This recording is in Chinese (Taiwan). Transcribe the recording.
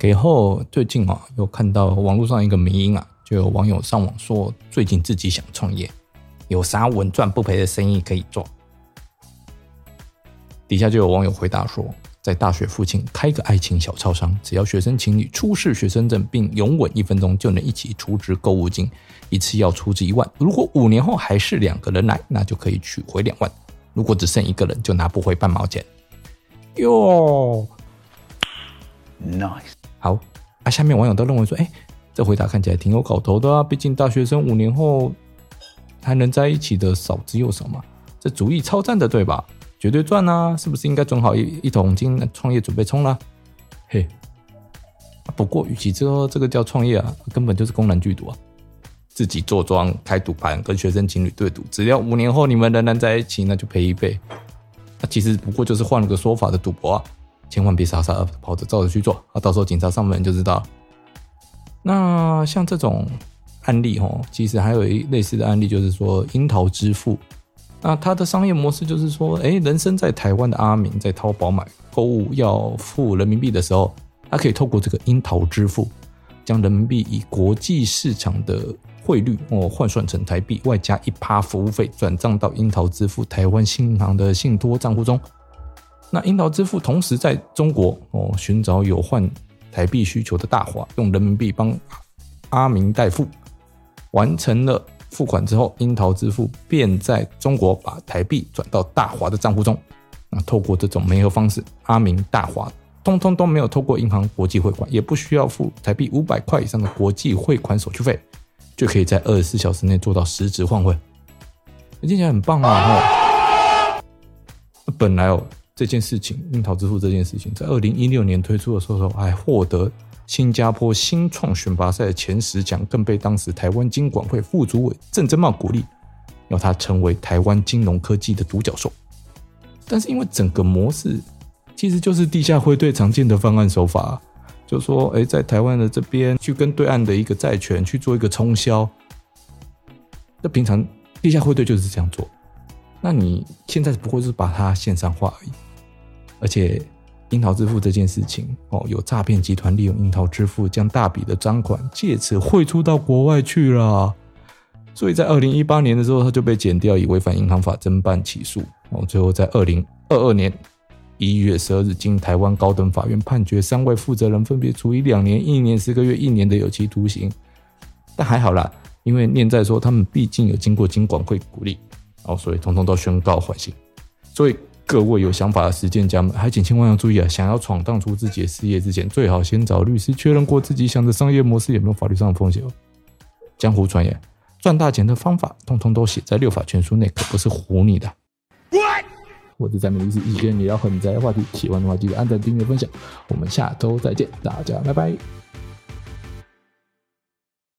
給後最近啊、哦，又看到網絡上一個迷因啊，就有網友上網說，最近自己想創業，有啥穩賺不賠的生意可以做？底下就有網友回答說，在大學附近開個愛情小超商，只要學生情侶出示學生證並擁吻一分鐘，就能一起儲值購物金，一次要儲值一萬，如果五年後還是兩個人來，那就可以取回兩萬，如果只剩一個人，就拿不回半毛錢。喲，nice。好，啊，下面網友都認為說，哎，這回答看起來挺有搞頭的啊，畢竟大學生五年後還能在一起的少之又少嘛，這主意超讚的，對吧？絕對賺啊，是不是應該準備好一一桶金創業準備衝了，啊？嘿，不過與其說這個叫創業啊，根本就是公然聚賭啊，自己坐莊開賭盤，跟學生情侶對賭，只要五年後你們仍然在一起，那就賠一倍，那，啊、其實不過就是換了個說法的賭博啊。千萬別傻傻跑着照着去做，啊，到時候警察上門就知道。那像這種案例哦，其實還有一類似的案例，就是說櫻桃支付。那它的商業模式就是說，誒、欸，人身在台灣的阿明在淘寶買購物要付人民幣的時候，他可以透過這個櫻桃支付，將人民幣以國際市場的匯率哦換算成台幣，外加一趴服務費，轉賬到櫻桃支付台灣新銀行的信託賬戶中。那櫻桃支付同時在中國哦尋找有換台幣需求的大華，用人民幣幫阿明代付，完成了付款之後，櫻桃支付便在中國把台幣轉到大華的賬戶中。那透過這種媒合方式，阿明大華通通都沒有透過銀行國際匯款，也不需要付台幣五百塊以上的國際匯款手續費，就可以在二十四小時內做到實質換匯。聽起來很棒啊！哦、啊本來哦。這件事情，櫻桃支付這件事情，在二零一六年推出的時候，還獲得新加坡新創選拔賽的前十強，更被當時台灣金管會副主委鄭貞茂鼓勵，要他成為台灣金融科技的獨角獸。但是因為整個模式其實就是地下匯兌常見的方案手法，就說，哎，在台灣的這邊去跟對岸的一個債權去做一個沖銷，那平常地下匯兌就是這樣做，那你現在不過是把它線上化而已。而且，櫻桃支付這件事情哦，有詐騙集團利用櫻桃支付將大筆的贓款借此匯出到國外去了，所以在二零一八年的時候，他就被檢調，以違反銀行法偵辦起訴哦，最後在二零二二年一月十二日，經台灣高等法院判決，三位負責人分別處以兩年、一年十個月、一年的有期徒刑，但還好啦，因為念在說他們畢竟有經過金管會鼓勵哦，所以通通都宣告緩刑，所以。各位有想法的實踐家們，還請千萬要注意啊！想要闖蕩出自己的事業之前，最好先找律師確認過自己想的商業模式有沒有法律上的風險哦。江湖傳言，賺大錢的方法，通通都寫在《六法全書》內，可不是唬你的。What? 我是宅米律師，一些你要很宅的話題，喜歡的話記得按讚、訂閱、分享。我們下周再見，大家拜拜。